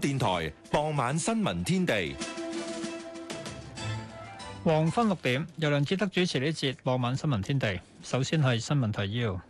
電台傍晚新聞天地，黃昏六點由梁智德主持呢節傍晚新聞天地。首先係新聞提要：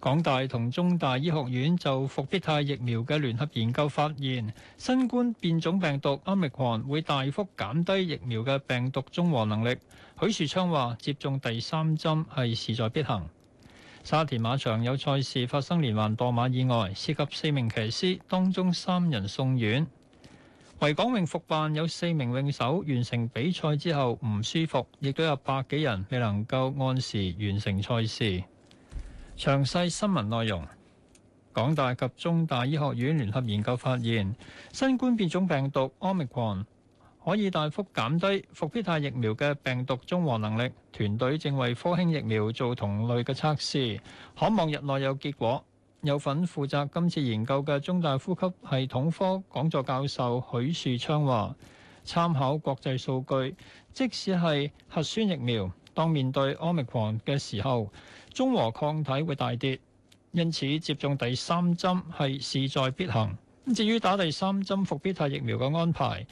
港大同中大醫學院就復必泰疫苗嘅聯合研究發現，新冠變種病毒 Omicron 會大幅減低疫苗嘅病毒中和能力。許樹昌話，接種第三針係勢在必行。沙田馬場有賽事，發生連環墮馬意外，涉及四名騎師，當中三人送院。維港泳復辦有四名泳手完成比賽之後唔舒服，亦都有百幾人未能夠按時完成賽事。詳細新聞內容，港大及中大醫學院聯合研究發現，新冠變種病毒奧可以大幅減低復必泰疫苗嘅病毒中和能力。團隊正為科興疫苗做同類嘅測試，可望日內有結果。有份負責今次研究嘅中大呼吸系統科講座教授許樹昌話，參考國際數據，即使係核酸疫苗，當面對奧密克戎嘅時候，中和抗體會大跌，因此接種第三針係勢在必行。至於打第三針復必泰疫苗嘅安排，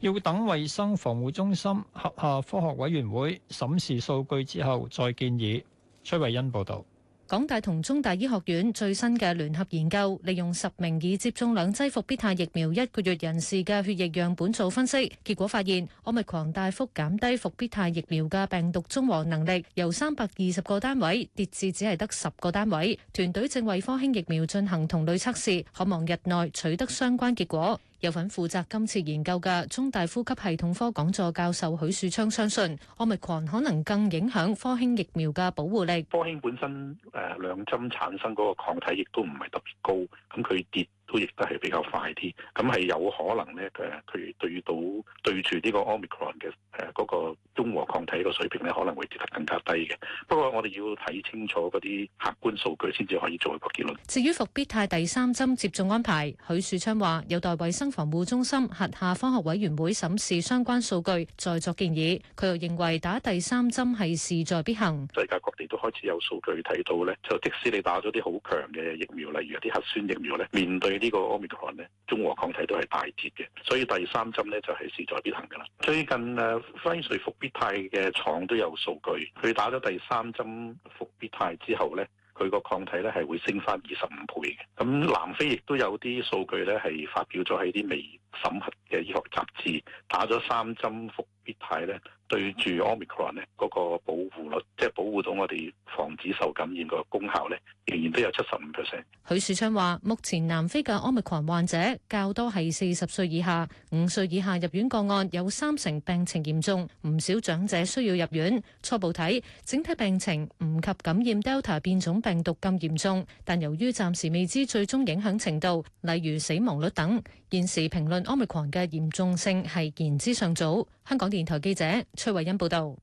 要等衛生防護中心轄下科學委員會審視數據之後再建議。崔慧欣報導，港大同中大醫學院最新嘅聯合研究，利用十名已接種兩劑復必泰疫苗一個月人士嘅血液樣本做分析，結果發現奧密克戎大幅減低復必泰疫苗嘅病毒中和能力，由三百二十個單位跌至只係得十個單位。團隊正為科興疫苗進行同類測試，可望日內取得相關結果。有份負責今次研究嘅中大呼吸系統科講座教授許樹昌相信，Omicron 可能更影響科興疫苗嘅保護力。科興本身誒、呃、兩針產生嗰個抗體亦都唔係特別高，咁佢跌，都亦都係比較快啲，咁係有可能咧誒，佢對到對住呢個 Omicron 嘅誒嗰、啊、個中和抗體個水平咧，可能會跌得更加低嘅。不過我哋要睇清楚嗰啲客觀數據先至可以做一個結論。至於復必泰第三針接種安排，許樹昌話有待衛生防護中心轄下科學委員會審視相關數據再作建議。佢又認為打第三針係勢在必行。世界各地都開始有數據睇到咧，就即使你打咗啲好強嘅疫苗，例如一啲核酸疫苗咧，面對。個呢個 Omicron 咧，中和抗體都係大跌嘅，所以第三針咧就係、是、事在必行㗎喇。最近誒輝瑞復必泰嘅廠都有數據，佢打咗第三針復必泰之後咧，佢個抗體咧係會升返二十五倍嘅。咁南非亦都有啲數據咧係發表咗喺啲未審核嘅醫學雜誌，打咗三針復必泰咧。對住 o 奧密克戎呢個保護率，即係保護到我哋防止受感染個功效呢，仍然都有七十五 percent。許樹昌話：目前南非嘅 omicron 患者較多係四十歲以下，五歲以下入院個案有三成病情嚴重，唔少長者需要入院。初步睇，整體病情唔及感染 Delta 變種病毒咁嚴重，但由於暫時未知最終影響程度，例如死亡率等，現時評論 omicron 嘅嚴重性係言之尚早。香港電台記者崔慧欣報道：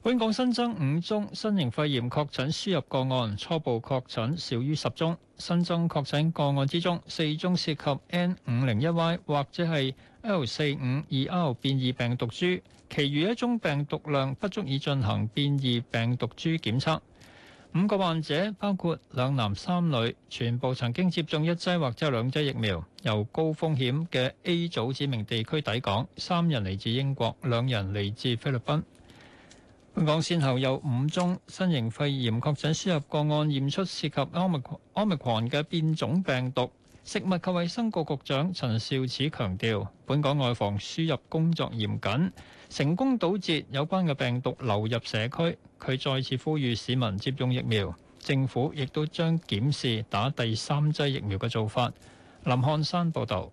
本港新增五宗新型肺炎確診輸入個案，初步確診少於十宗。新增確診個案之中，四宗涉及 N 五零一 Y 或者係 L 四五二 R 變異病毒株，其餘一宗病毒量不足以進行變異病毒株檢測。五個患者包括兩男三女，全部曾經接種一劑或者兩劑疫苗，由高風險嘅 A 組指明地區抵港。三人嚟自英國，兩人嚟自菲律賓。本港先後有五宗新型肺炎確診輸入個案，驗出涉及 Omicron 嘅變種病毒。食物及衛生局局長陳肇始強調，本港外防輸入工作嚴謹。成功堵截有關嘅病毒流入社區，佢再次呼籲市民接種疫苗。政府亦都將檢視打第三劑疫苗嘅做法。林漢山報導。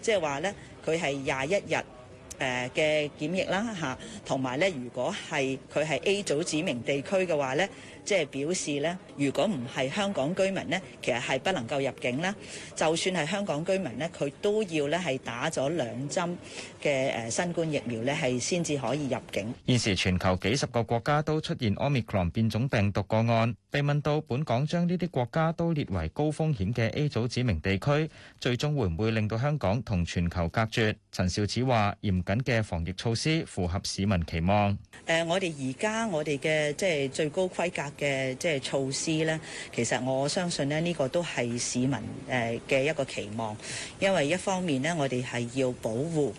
即係話咧，佢係廿一日誒嘅檢疫啦吓，同埋咧，如果係佢係 A 組指明地區嘅話咧。即係表示咧，如果唔係香港居民咧，其實係不能夠入境啦。就算係香港居民咧，佢都要咧係打咗兩針嘅誒新冠疫苗咧，係先至可以入境。現時全球幾十個國家都出現 Omicron 變種病毒個案。被問到本港將呢啲國家都列為高風險嘅 A 組指明地區，最終會唔會令到香港同全球隔絕？陳肇始話：嚴謹嘅防疫措施符合市民期望。誒，我哋而家我哋嘅即係最高規格。嘅即係措施咧，其實我相信咧，呢個都係市民誒嘅一個期望，因為一方面咧，我哋係要保護。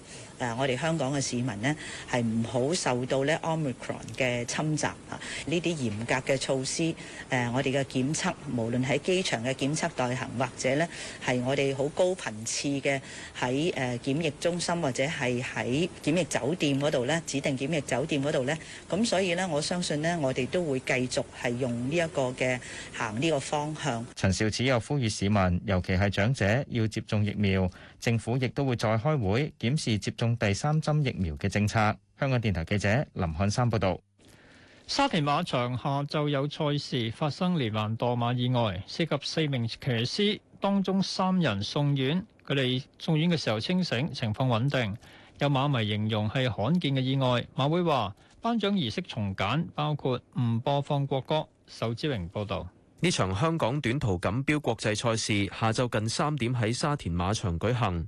誒，我哋香港嘅市民呢，係唔好受到咧奧密克戎嘅侵襲啊！呢啲嚴格嘅措施，誒，我哋嘅檢測，無論喺機場嘅檢測代行，或者呢係我哋好高頻次嘅喺誒檢疫中心，或者係喺檢疫酒店嗰度呢，指定檢疫酒店嗰度呢。咁所以呢，我相信呢，我哋都會繼續係用呢一個嘅行呢個方向。陳肇始又呼籲市民，尤其係長者，要接種疫苗。政府亦都會再開會檢視接種第三針疫苗嘅政策。香港電台記者林漢山報道，沙田馬場下晝有賽事發生連環墮馬意外，涉及四名騎師，當中三人送院。佢哋送院嘅時候清醒，情況穩定。有馬迷形容係罕見嘅意外。馬會話頒獎儀式從簡，包括唔播放國歌。仇志榮報道。呢場香港短途錦標國際賽事，下晝近三點喺沙田馬場舉行。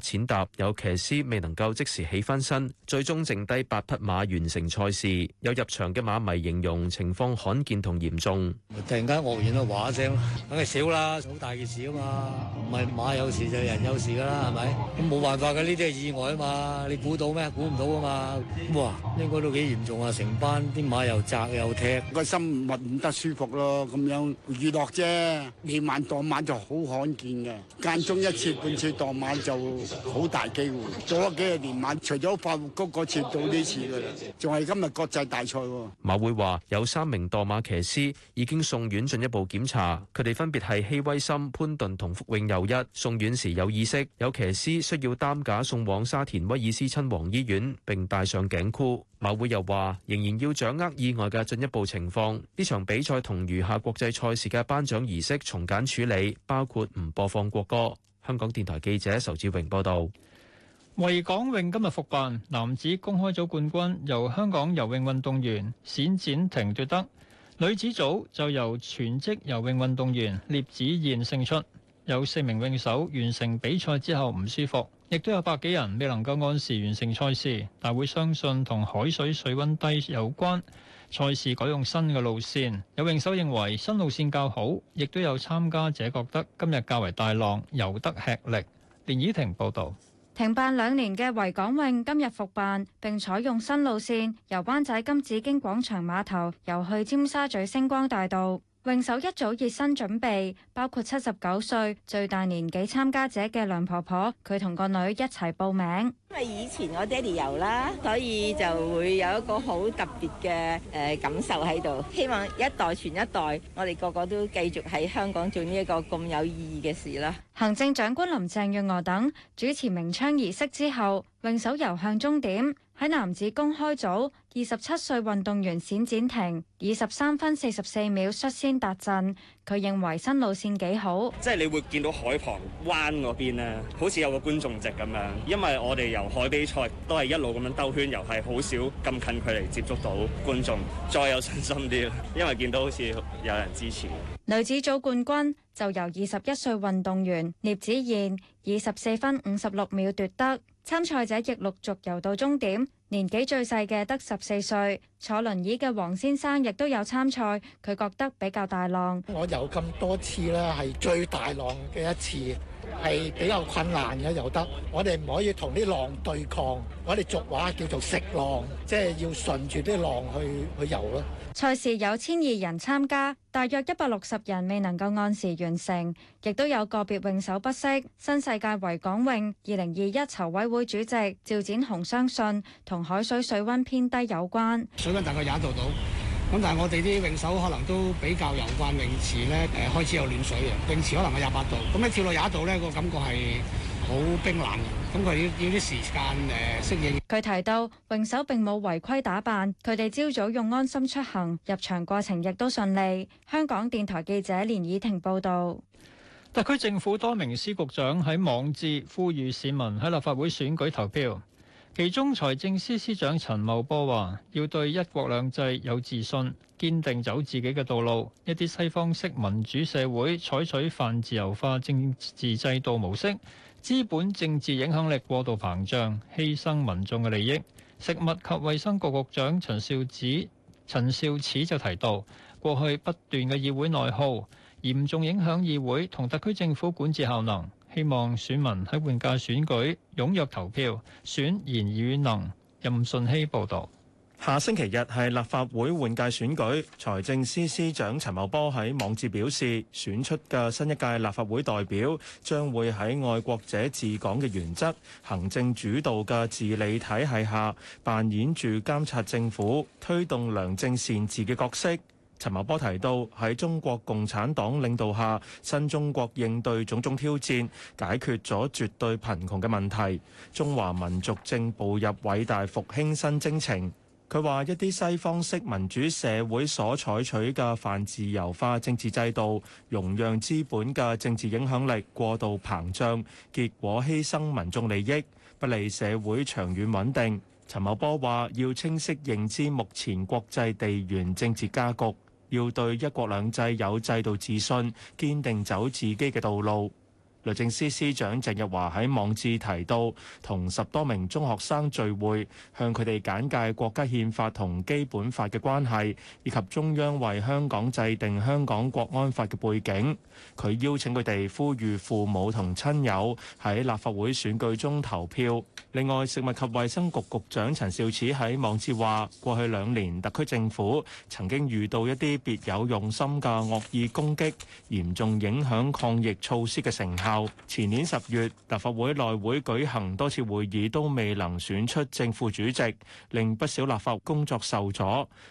淺踏有騎師未能夠即時起翻身，最終剩低八匹馬完成賽事。有入場嘅馬迷形容情況罕見同嚴重。突然間愕然啊，嘩一聲，梗係少啦，好大件事啊嘛。唔係馬有事就人有事噶啦，係咪？咁冇辦法噶，呢啲係意外啊嘛。你估到咩？估唔到噶嘛。哇，應該都幾嚴重啊，成班啲馬又扎又踢，個心唔悶得舒服咯。咁樣娛樂啫，夜晚墮馬就好罕見嘅，間中一次、半次墮馬就。好大機會，做咗幾十年晚，除咗發局嗰次到呢次，仲係今日國際大賽。馬會話有三名墮馬騎師已經送院進一步檢查，佢哋分別係希威森、潘頓同福永祐一。送院時有意識，有騎師需要擔架送往沙田威爾斯親王醫院並戴上頸箍。馬會又話仍然要掌握意外嘅進一步情況。呢場比賽同餘下國際賽事嘅頒獎儀式從簡處理，包括唔播放國歌。香港電台記者仇志榮報道，維港泳今日復辦，男子公開組冠軍由香港游泳運動員冼展婷奪得，女子組就由全職游泳運動員聶子賢勝出。有四名泳手完成比賽之後唔舒服，亦都有百幾人未能夠按時完成賽事。大會相信同海水水溫低有關。賽事改用新嘅路線，有泳手認為新路線較好，亦都有參加者覺得今日較為大浪，游得吃力。連綺婷報道，停辦兩年嘅維港泳今日復辦，並採用新路線，由灣仔金紫荊廣場碼頭游去尖沙咀星光大道。泳手一早熱身準備，包括七十九歲最大年紀參加者嘅梁婆婆，佢同個女一齊報名。因為以前我爹哋游啦，所以就會有一個好特別嘅誒感受喺度。希望一代傳一代，我哋個個都繼續喺香港做呢一個咁有意義嘅事啦。行政長官林鄭月娥等主持鳴槍儀式之後，泳手游向終點。喺男子公開組，二十七歲運動員冼展庭以十三分四十四秒率先達陣。佢認為新路線幾好，即係你會見到海旁灣嗰邊呢好似有個觀眾席咁樣。因為我哋由海比賽都係一路咁樣兜圈又係好少咁近距離接觸到觀眾。再有信心啲，因為見到好似有人支持。女子組冠軍就由二十一歲運動員聶子燕以十四分五十六秒奪得。參賽者亦陸續遊到終點，年紀最細嘅得十四歲，坐輪椅嘅黃先生亦都有參賽，佢覺得比較大浪。我遊咁多次呢係最大浪嘅一次，係比較困難嘅遊得。我哋唔可以同啲浪對抗，我哋俗話叫做食浪，即係要順住啲浪去去遊咯。賽事有千二人參加，大約一百六十人未能夠按時完成，亦都有個別泳手不適。新世界維港泳二零二一籌委會主席趙展雄相信同海水水溫偏低有關，水溫大概廿度到，咁但係我哋啲泳手可能都比較習慣泳池咧，誒開始有暖水嘅，泳池可能係廿八度，咁咧跳落廿度咧、嗰個感覺係，好冰冷，咁佢要要啲時間誒適應。佢提到泳手並冇違規打扮，佢哋朝早用安心出行入場過程亦都順利。香港電台記者連以婷報道。特區政府多名司局長喺網志呼籲市民喺立法會選舉投票，其中財政司司司長陳茂波話要對一國兩制有自信，堅定走自己嘅道路。一啲西方式民主社會採取泛自由化政治制度模式。資本政治影響力過度膨脹，犧牲民眾嘅利益。食物及衛生局局長陳肇始陳肇始就提到，過去不斷嘅議會內耗，嚴重影響議會同特區政府管治效能。希望選民喺換屆選舉踴躍投票，選賢與能。任信希報導。下星期日係立法會換屆選舉，財政司司長陳茂波喺網誌表示，選出嘅新一屆立法會代表將會喺愛國者治港嘅原則、行政主導嘅治理體系下，扮演住監察政府、推動良政善治嘅角色。陳茂波提到，喺中國共產黨領導下，新中國應對種種挑戰，解決咗絕對貧窮嘅問題，中華民族正步入偉大復興新征程。佢話：一啲西方式民主社會所採取嘅泛自由化政治制度，容讓資本嘅政治影響力過度膨脹，結果犧牲民眾利益，不利社會長遠穩定。陳茂波話：要清晰認知目前國際地緣政治格局，要對一國兩制有制度自信，堅定走自己嘅道路。律政司司長鄭若驊喺網誌提到，同十多名中學生聚會，向佢哋簡介國家憲法同基本法嘅關係，以及中央為香港制定香港國安法嘅背景。佢邀請佢哋呼籲父母同親友喺立法會選舉中投票。另外，食物及衛生局局長陳肇始喺網誌話，過去兩年特區政府曾經遇到一啲別有用心嘅惡意攻擊，嚴重影響抗疫措施嘅成效。前年十月，立法會內會舉行多次會議，都未能選出正副主席，令不少立法工作受阻。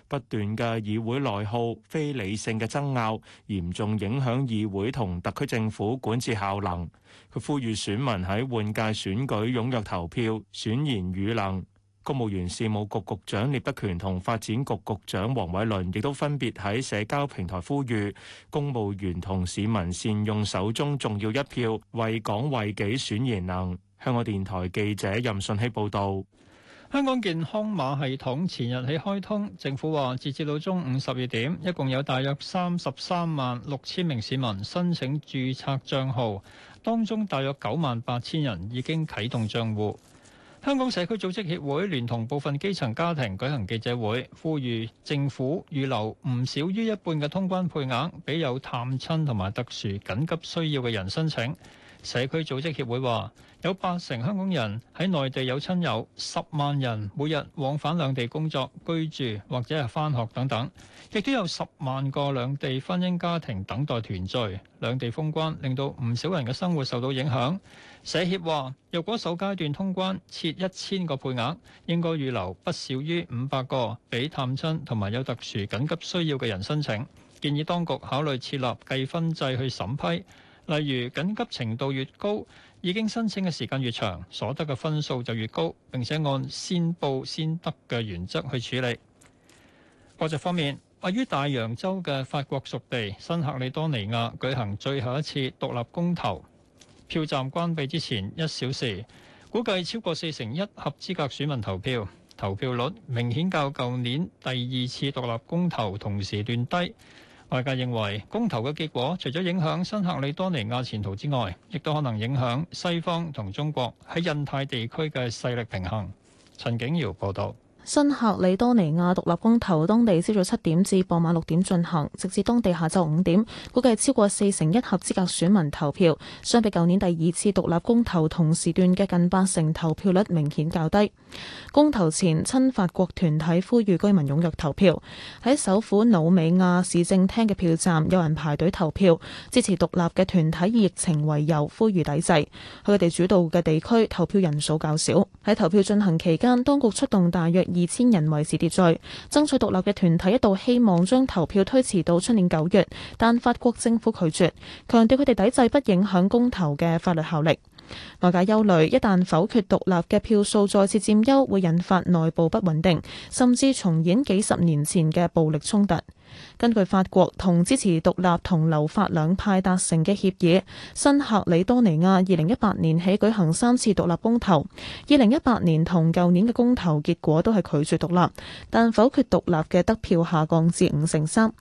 不斷嘅議會內耗、非理性嘅爭拗，嚴重影響議會同特區政府管治效能。佢呼籲選民喺換屆選舉踴躍投票，選賢與能。公務員事務局局長聶德權同發展局局長黃偉綸亦都分別喺社交平台呼籲公務員同市民善用手中重要一票，為港為己選賢能。香港電台記者任信希報導。香港健康碼系統前日起開通，政府話截至到中午十二點，一共有大約三十三萬六千名市民申請註冊帳號，當中大約九萬八千人已經啟動帳戶。香港社區組織協會聯同部分基層家庭舉行記者會，呼籲政府預留唔少於一半嘅通關配額，畀有探親同埋特殊緊急需要嘅人申請。社區組織協會話：有八成香港人喺內地有親友，十萬人每日往返兩地工作、居住或者係返學等等，亦都有十萬個兩地婚姻家庭等待團聚。兩地封關令到唔少人嘅生活受到影響。社協話：若果首階段通關設一千個配額，應該預留不少於五百個畀探親同埋有特殊緊急需要嘅人申請，建議當局考慮設立計分制去審批。例如緊急程度越高，已經申請嘅時間越長，所得嘅分數就越高，並且按先報先得嘅原則去處理。國際方面，位於大洋洲嘅法國屬地新喀里多尼亞舉行最後一次獨立公投，票站關閉之前一小時，估計超過四成一合資格選民投票，投票率明顯較舊年第二次獨立公投同時段低。外界認為公投嘅結果，除咗影響新喀里多尼亞前途之外，亦都可能影響西方同中國喺印太地區嘅勢力平衡。陳景堯報道。新喀里多尼亞獨立公投當地朝早七點至傍晚六點進行，直至當地下晝五點，估計超過四成一合資格選民投票。相比舊年第二次獨立公投同時段嘅近八成投票率，明顯較低。公投前，親法國團體呼籲居民踴躍投票。喺首府努美亞市政廳嘅票站，有人排隊投票。支持獨立嘅團體以疫情為由呼籲抵制。佢哋主導嘅地區投票人數較少。喺投票進行期間，當局出動大約二千人維持秩序，爭取獨立嘅團體一度希望將投票推遲到出年九月，但法國政府拒絕，強調佢哋抵制不影響公投嘅法律效力。外界憂慮，一旦否決獨立嘅票數再次占優，會引發內部不穩定，甚至重演幾十年前嘅暴力衝突。根據法國同支持獨立同留法兩派達成嘅協議，新克里多尼亞二零一八年起舉行三次獨立公投。二零一八年同舊年嘅公投結果都係拒絕獨立，但否決獨立嘅得票下降至五成三。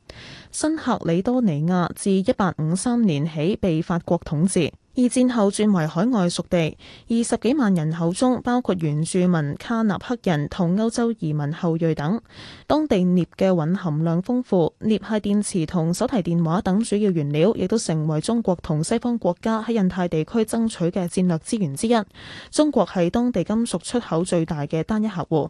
新克里多尼亞自一八五三年起被法國統治。二戰後轉為海外屬地，二十幾萬人口中包括原住民卡納克人同歐洲移民後裔等。當地鎳嘅蘊含量豐富，鎳係電池同手提電話等主要原料，亦都成為中國同西方國家喺印太地區爭取嘅戰略資源之一。中國係當地金屬出口最大嘅單一客戶。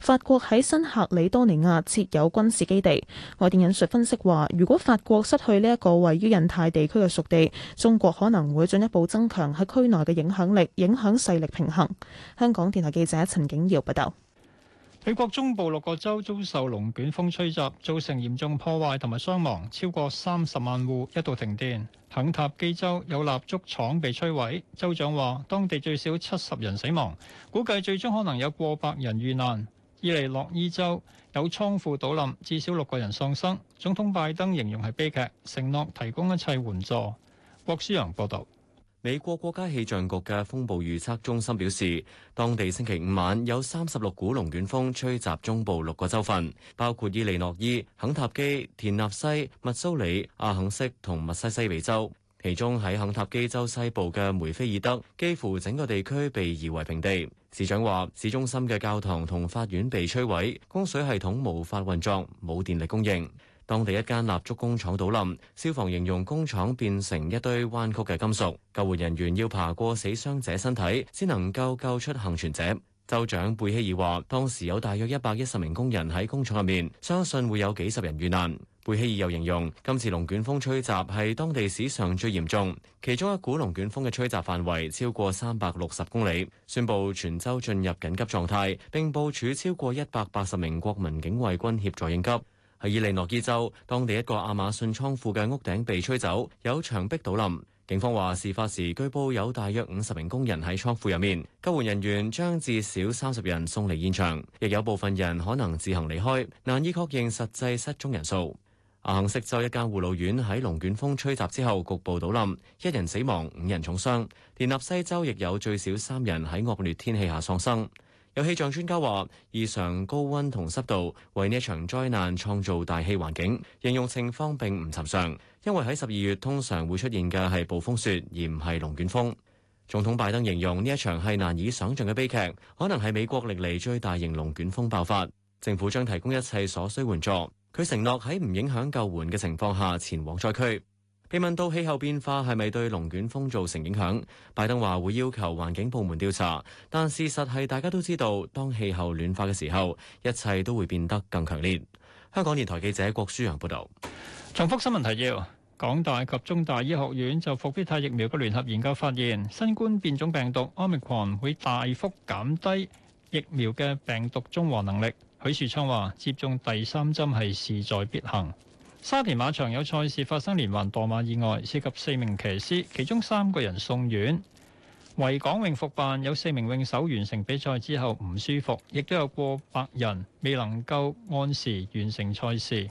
法國喺新喀里多尼亞設有軍事基地。外電引述分析話，如果法國失去呢一個位於印太地區嘅屬地，中國可能會進一步增強喺區內嘅影響力，影響勢力平衡。香港電台記者陳景耀報道。美國中部六個州遭受龍捲風吹襲，造成嚴重破壞同埋傷亡，超過三十萬戶一度停電。肯塔基州有蠟燭廠被摧毀，州長話當地最少七十人死亡，估計最終可能有過百人遇難。伊利諾伊州有倉庫倒冧，至少六個人喪生。總統拜登形容係悲劇，承諾提供一切援助。郭思陽報道。美國國家氣象局嘅風暴預測中心表示，當地星期五晚有三十六股龍捲風吹襲中部六個州份，包括伊利諾伊、肯塔基、田納西、密蘇里、阿肯色同密西西比州。其中喺肯塔基州西部嘅梅菲爾德，幾乎整個地區被夷為平地。市長話，市中心嘅教堂同法院被摧毀，供水系統無法運作，冇電力供應。當地一間蠟燭工廠倒冧，消防形容工廠變成一堆彎曲嘅金屬，救援人員要爬過死傷者身體先能夠救出幸存者。州長貝希爾話：當時有大約一百一十名工人喺工廠入面，相信會有幾十人遇難。貝希爾又形容今次龍捲風吹襲係當地史上最嚴重，其中一股龍捲風嘅吹襲範圍超過三百六十公里，宣布全州進入緊急狀態，並部署超過一百八十名國民警衛軍協助應急。喺伊利諾伊州，當地一個亞馬遜倉庫嘅屋頂被吹走，有牆壁倒冧。警方話，事發時據報有大約五十名工人喺倉庫入面，救援人員將至少三十人送離現場，亦有部分人可能自行離開，難以確認實際失蹤人數。阿肯色州一間護老院喺龍捲風吹襲之後局部倒冧，一人死亡，五人重傷。田納西州亦有最少三人喺惡劣天氣下喪生。有氣象專家話：異常高溫同濕度為呢一場災難創造大氣環境，形容情況並唔尋常。因為喺十二月通常會出現嘅係暴風雪，而唔係龍捲風。總統拜登形容呢一場係難以想像嘅悲劇，可能係美國歷嚟最大型龍捲風爆發。政府將提供一切所需援助，佢承諾喺唔影響救援嘅情況下前往災區。被問到氣候變化係咪對龍捲風造成影響，拜登話會要求環境部門調查，但事實係大家都知道，當氣候暖化嘅時候，一切都會變得更強烈。香港電台記者郭舒揚報道。重複新聞提要：港大及中大醫學院就復必泰疫苗嘅聯合研究發現，新冠變種病毒 Omicron 會大幅減低疫苗嘅病毒中和能力。許樹昌話：接種第三針係勢在必行。沙田馬場有賽事發生連環墮馬意外，涉及四名騎師，其中三個人送院。維港泳服辦有四名泳手完成比賽之後唔舒服，亦都有過百人未能夠按時完成賽事。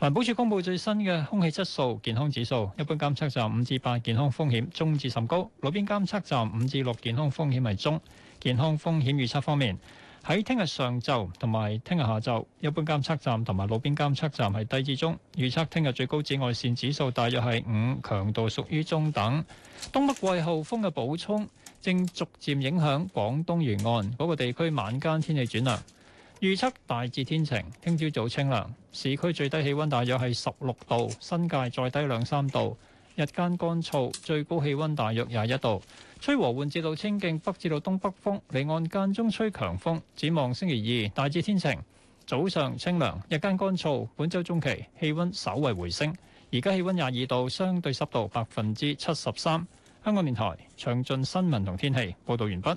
環保署公布最新嘅空氣質素健康指數，一般監測站五至八健康風險，中至甚高；路邊監測站五至六健康風險為中。健康風險預測方面。喺聽日上晝同埋聽日下晝，一般監測站同埋路邊監測站係低至中預測，聽日最高紫外線指數大約係五，強度屬於中等。東北季候風嘅補充正逐漸影響廣東沿岸嗰個地區，晚間天氣轉涼，預測大致天晴，聽朝早清涼，市區最低氣温大約係十六度，新界再低兩三度。日間乾燥，最高氣温大約廿一度，吹和緩至到清勁北至到東北風，離岸間中吹強風。展望星期二大致天晴，早上清涼，日間乾燥。本週中期氣温稍為回升，而家氣温廿二度，相對濕度百分之七十三。香港電台詳盡新聞同天氣報導完畢。